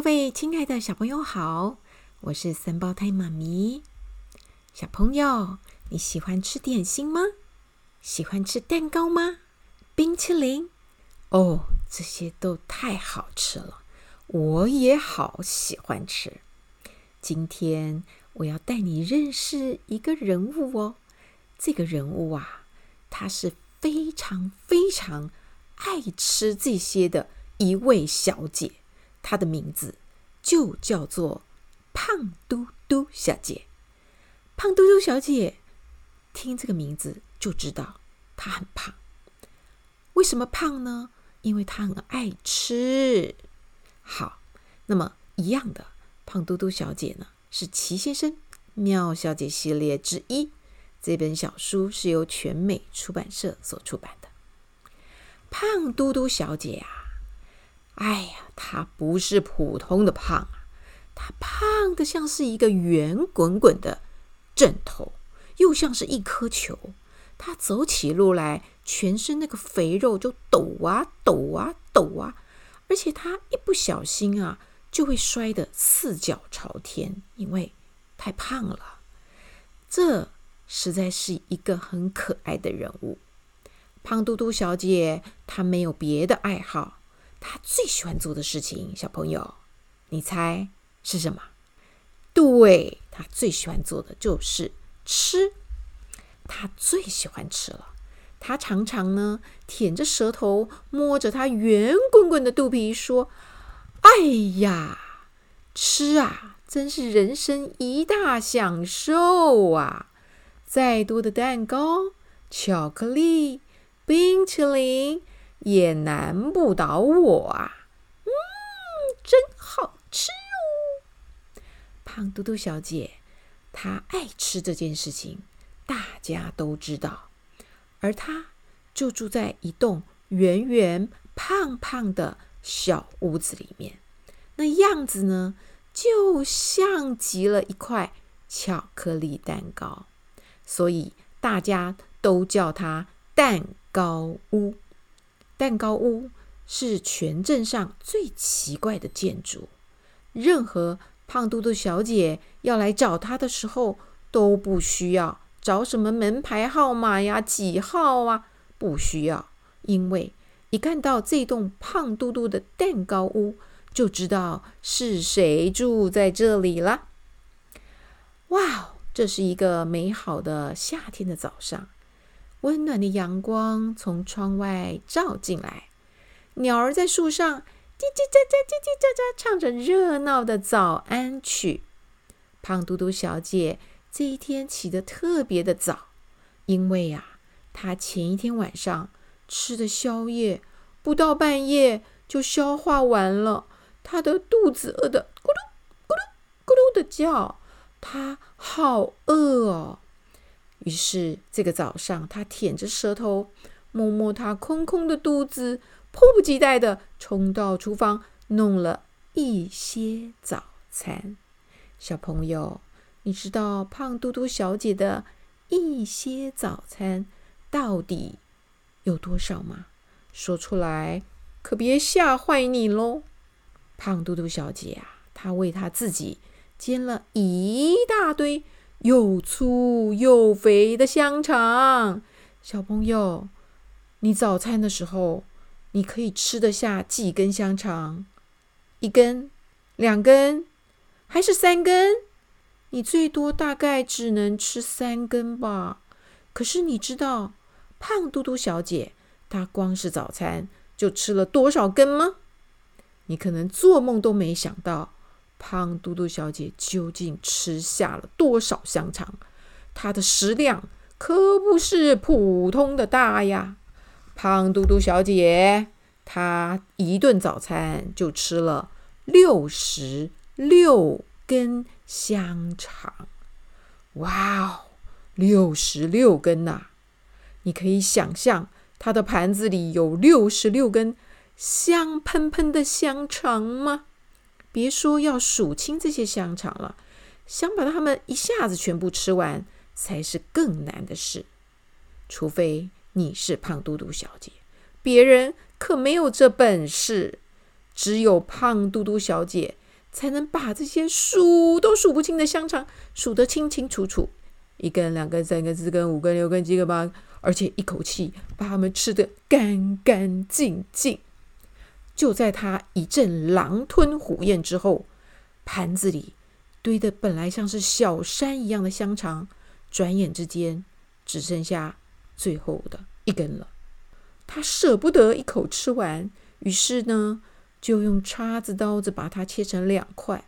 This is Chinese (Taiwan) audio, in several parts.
各位親愛的小朋友好，我是三胞胎媽咪。小朋友，你喜歡吃點心嗎？喜歡吃蛋糕嗎？冰淇淋？哦，這些都太好吃了，我也好喜歡吃。今天我要帶你認識一個人物哦。這個人物啊，她是非常非常愛吃這些的一位小姐。她的名字就叫做胖嘟嘟小姐。胖嘟嘟小姐，聽這個名字就知道她很胖。為什麼胖呢？因為她很愛吃。好，那麼一樣的胖嘟嘟小姐呢，是奇先生妙小姐系列之一。這本小書是由全美出版社所出版的。胖嘟嘟小姐呀、啊。哎呀，她不是普通的胖啊，她胖得像是一個圓滾滾的枕頭，又像是一顆球。她走起路來，全身那個肥肉就抖啊抖啊抖啊，而且她一不小心啊，就會摔得四腳朝天，因為太胖了。這實在是一個很可愛的人物。胖嘟嘟小姐，她沒有別的愛好。她最喜歡做的事情，小朋友，你猜是什麼？對，她最喜歡做的就是吃，她最喜歡吃了。她常常呢，舔着舌頭，摸着她圓滾滾的肚皮，說：“哎呀，吃啊，真是人生一大享受啊！再多的蛋糕、巧克力、冰淇淋。”也難不倒我啊！嗯，真好吃哦。胖嘟嘟小姐，她愛吃這件事情，大家都知道。而她就住在一棟圓圓胖胖的小屋子裡面，那樣子呢，就像極了一塊巧克力蛋糕，所以大家都叫它“蛋糕屋”。蛋糕屋是全鎮上最奇怪的建築。任何胖嘟嘟小姐要來找她的時候，都不需要找什麼門牌號碼呀、幾號啊，不需要。因為一看到這棟胖嘟嘟的蛋糕屋，就知道是誰住在這裡了。哇，這是一個美好的夏天的早上。溫暖的陽光從窗外照進來，鳥兒在樹上嘰嘰喳喳、嘰嘰喳喳，唱着熱鬧的早安曲。胖嘟嘟小姐這一天起得特別的早，因為呀，她前一天晚上吃的宵夜不到半夜就消化完了，她的肚子餓得咕嚕咕嚕咕嚕的叫，她好餓哦。於是這個早上，他舔着舌頭，摸摸他空空的肚子，迫不及待地衝到廚房，弄了一些早餐。小朋友，你知道胖嘟嘟小姐的一些早餐到底有多少嗎？說出來可別嚇壞你嘍！胖嘟嘟小姐啊，她為她自己煎了一大堆。又粗又肥的香腸，小朋友，你早餐的時候，你可以吃得下幾根香腸？一根、兩根，還是三根？你最多大概只能吃三根吧。可是你知道，胖嘟嘟小姐她光是早餐就吃了多少根嗎？你可能做夢都沒想到。胖嘟嘟小姐究竟吃下了多少香腸？她的食量可不是普通的大呀！胖嘟嘟小姐，她一頓早餐就吃了六十六根香腸！哇哦，六十六根吶啊！你可以想象她的盤子裡有六十六根香噴噴的香腸嗎？別說要數清這些香腸了，想把它們一下子全部吃完才是更難的事。除非你是胖嘟嘟小姐，別人可沒有這本事。只有胖嘟嘟小姐才能把這些數都數不清的香腸數得清清楚楚，一根、兩根、三根、四根、五根、六根、七根、八根，而且一口氣把它們吃得乾乾淨淨。就在他一陣狼吞虎嚥之後，盤子裡堆的本來像是小山一樣的香腸，轉眼之間只剩下最後的一根了。他捨不得一口吃完，於是呢，就用叉子、刀子把它切成兩塊，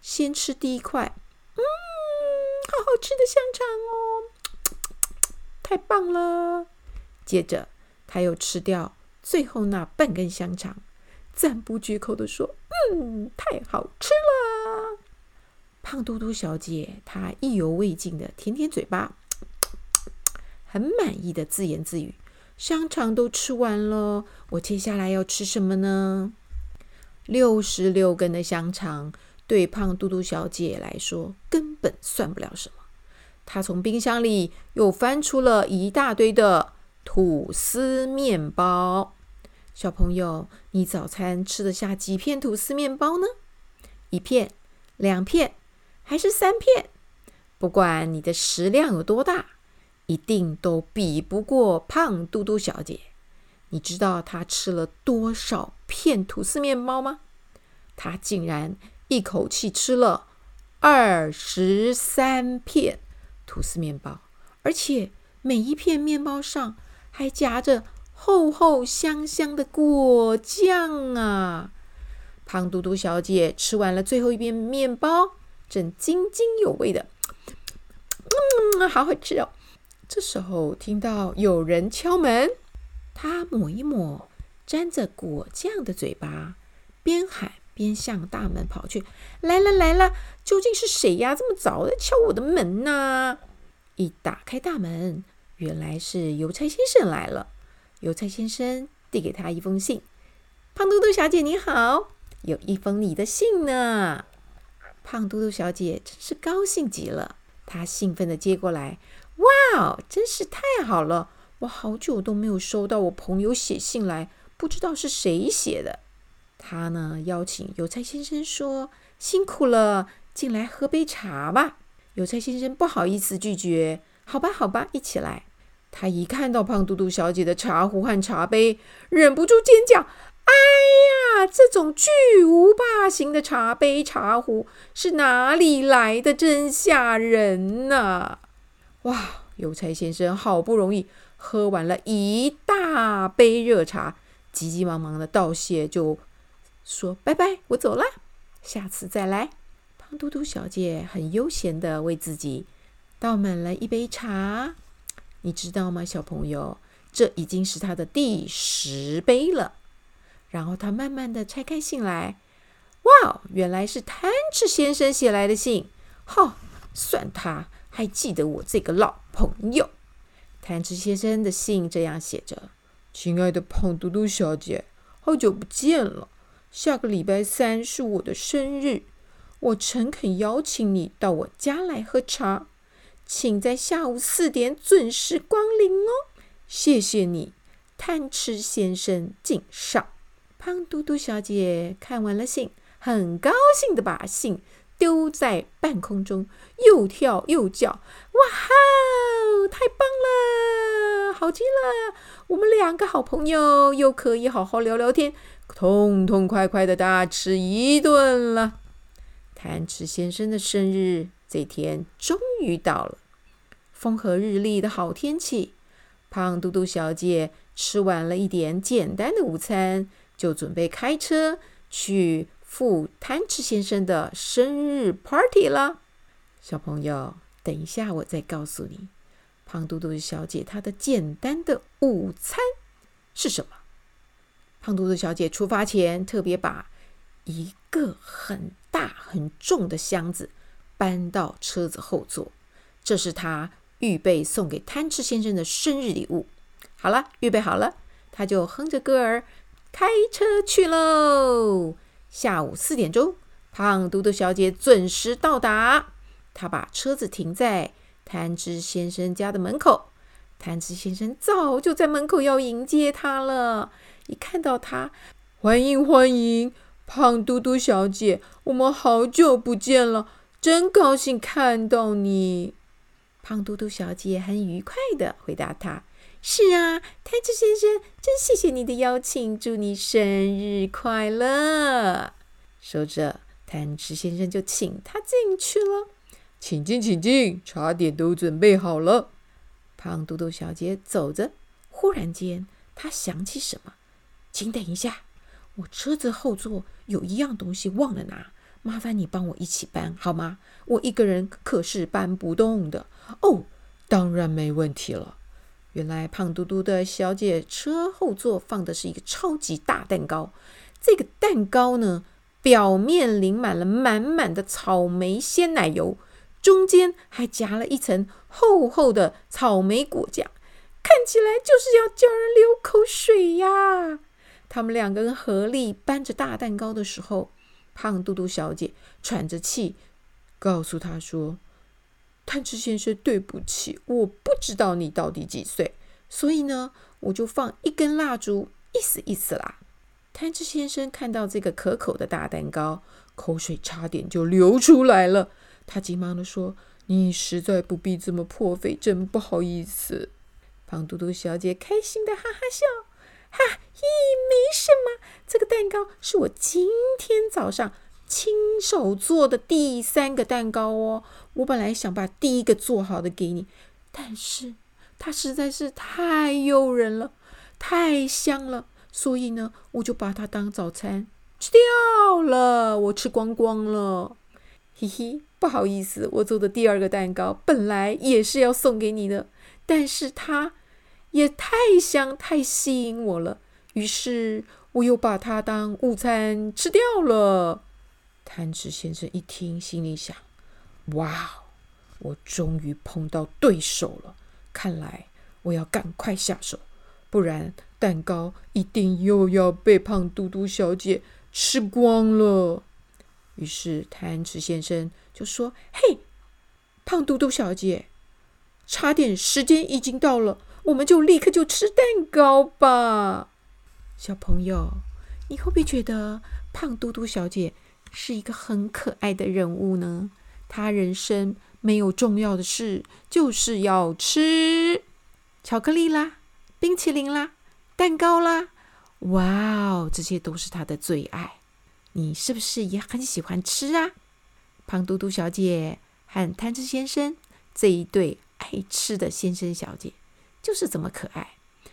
先吃第一塊。嗯，好好吃的香腸哦，嘖嘖嘖嘖，太棒了。接着他又吃掉。最後那半根香腸，讚不絕口的說：“嗯，太好吃了！”胖嘟嘟小姐她意猶未盡的舔舔嘴巴，嘖嘖嘖，很滿意的自言自語：“香腸都吃完了，我接下來要吃什麼呢？”六十六根的香腸對胖嘟嘟小姐來說根本算不了什麼，她從冰箱裡又翻出了一大堆的吐司麵包。小朋友，你早餐吃得下幾片吐司麵包呢？一片、兩片，還是三片？不管你的食量有多大，一定都比不過胖嘟嘟小姐。你知道她吃了多少片吐司麵包嗎？她竟然一口氣吃了二十三片吐司麵包，而且每一片麵包上還夾着，厚厚香香的果醬啊！胖嘟嘟小姐吃完了最後一片麵包，正津津有味的，嗯，好好吃哦。這時候聽到有人敲門，她抹一抹沾着果醬的嘴巴，邊喊邊向大門跑去：“來了來了，究竟是誰呀？這麼早的敲我的門呢、啊？”一打開大門，原來是郵差先生來了。油菜先生遞給他一封信：“胖嘟嘟小姐你好，有一封你的信呢。”胖嘟嘟小姐真是高興極了，她興奮地接過來：“哇，真是太好了！我好久都沒有收到我朋友寫信來，不知道是誰寫的。他呢”她呢邀請郵差先生說：“辛苦了，進來喝杯茶吧。”郵差先生不好意思拒絕：“好吧，好吧，一起來。”他一看到胖嘟嘟小姐的茶壺和茶杯，忍不住尖叫：“哎呀，這種巨無霸型的茶杯、茶壺是哪裡來的？真嚇人吶！”哇，郵差先生好不容易喝完了一大杯熱茶，急急忙忙地道謝，就說：“拜拜，我走了，下次再來。”胖嘟嘟小姐很悠閒地為自己倒滿了一杯茶。你知道嗎，小朋友？這已經是他的第十杯了。然後他慢慢地拆開信來，哇，原來是貪吃先生寫來的信。哈、哦，算他還記得我這個老朋友。貪吃先生的信這樣寫着：“親愛的胖嘟嘟小姐，好久不見了。下個禮拜三是我的生日，我誠懇邀請你到我家來喝茶。”請在下午四點準時光臨哦，謝謝你，貪吃先生，敬上。胖嘟嘟小姐看完了信，很高興的把信丟在半空中，又跳又叫：“哇哈，太棒了，好極了！我們兩個好朋友又可以好好聊聊天，痛痛快快的大吃一頓了。”貪吃先生的生日。這天終於到了，風和日麗的好天氣。胖嘟嘟小姐吃完了一點簡單的午餐，就準備開車去赴貪吃先生的生日 party 了。小朋友，等一下，我再告訴你，胖嘟嘟小姐她的簡單的午餐是什麼？胖嘟嘟小姐出發前特別把一個很大很重的箱子。搬到車子後座，這是他預備送給貪吃先生的生日禮物。好了，預備好了，他就哼着歌兒開車去嘍。下午四點鐘，胖嘟嘟小姐準時到達，她把車子停在貪吃先生家的門口。貪吃先生早就在門口要迎接她了，一看到她，歡迎歡迎，胖嘟嘟小姐，我們好久不見了。真高興看到你，胖嘟嘟小姐很愉快的回答他：“是啊，貪吃先生，真謝謝你的邀請，祝你生日快樂。”說着，貪吃先生就請他進去了。“請進，請進，茶點都準備好了。”胖嘟嘟小姐走着，忽然間她想起什麼：“請等一下，我車子後座有一樣東西忘了拿。”麻煩你幫我一起搬好嗎？我一個人可是搬不動的。哦，當然沒問題了。原來胖嘟嘟的小姐車後座放的是一個超級大蛋糕。這個蛋糕呢，表面淋滿了滿滿的草莓鮮奶油，中間還夾了一層厚厚的草莓果醬，看起來就是要叫人流口水呀。他們兩個人合力搬着大蛋糕的時候，胖嘟嘟小姐喘着氣，告訴他說：“貪吃先生，對不起，我不知道你到底幾歲，所以呢，我就放一根蠟燭，意思意思啦。”貪吃先生看到這個可口的大蛋糕，口水差點就流出來了。他急忙地說：“你實在不必這麼破費，真不好意思。”胖嘟嘟小姐開心的哈哈笑。哈，咦，沒什麼。這個蛋糕是我今天早上親手做的第三個蛋糕哦。我本來想把第一個做好的給你，但是它實在是太誘人了，太香了，所以呢，我就把它當早餐吃掉了，我吃光光了。嘿嘿，不好意思，我做的第二個蛋糕本來也是要送給你的，但是它。也太香太吸引我了，於是我又把它當午餐吃掉了。貪吃先生一聽，心裡想：“哇，我終於碰到對手了！看來我要趕快下手，不然蛋糕一定又要被胖嘟嘟小姐吃光了。”於是貪吃先生就說：“嘿，胖嘟嘟小姐，茶點時間已經到了。”我們就立刻就吃蛋糕吧。小朋友，你會不會覺得胖嘟嘟小姐是一個很可愛的人物呢？她人生沒有重要的事，就是要吃巧克力啦、冰淇淋啦、蛋糕啦。哇哦，這些都是她的最愛，你是不是也很喜歡吃啊？胖嘟嘟小姐和貪吃先生這一對愛吃的先生小姐。就是這麼可愛，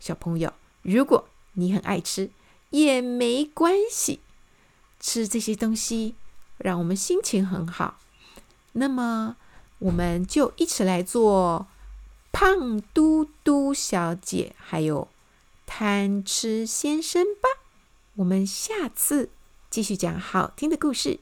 小朋友，如果你很愛吃也沒關係，吃這些東西讓我們心情很好。那麼，我們就一起來做胖嘟嘟小姐，還有貪吃先生吧。我們下次繼續講好聽的故事。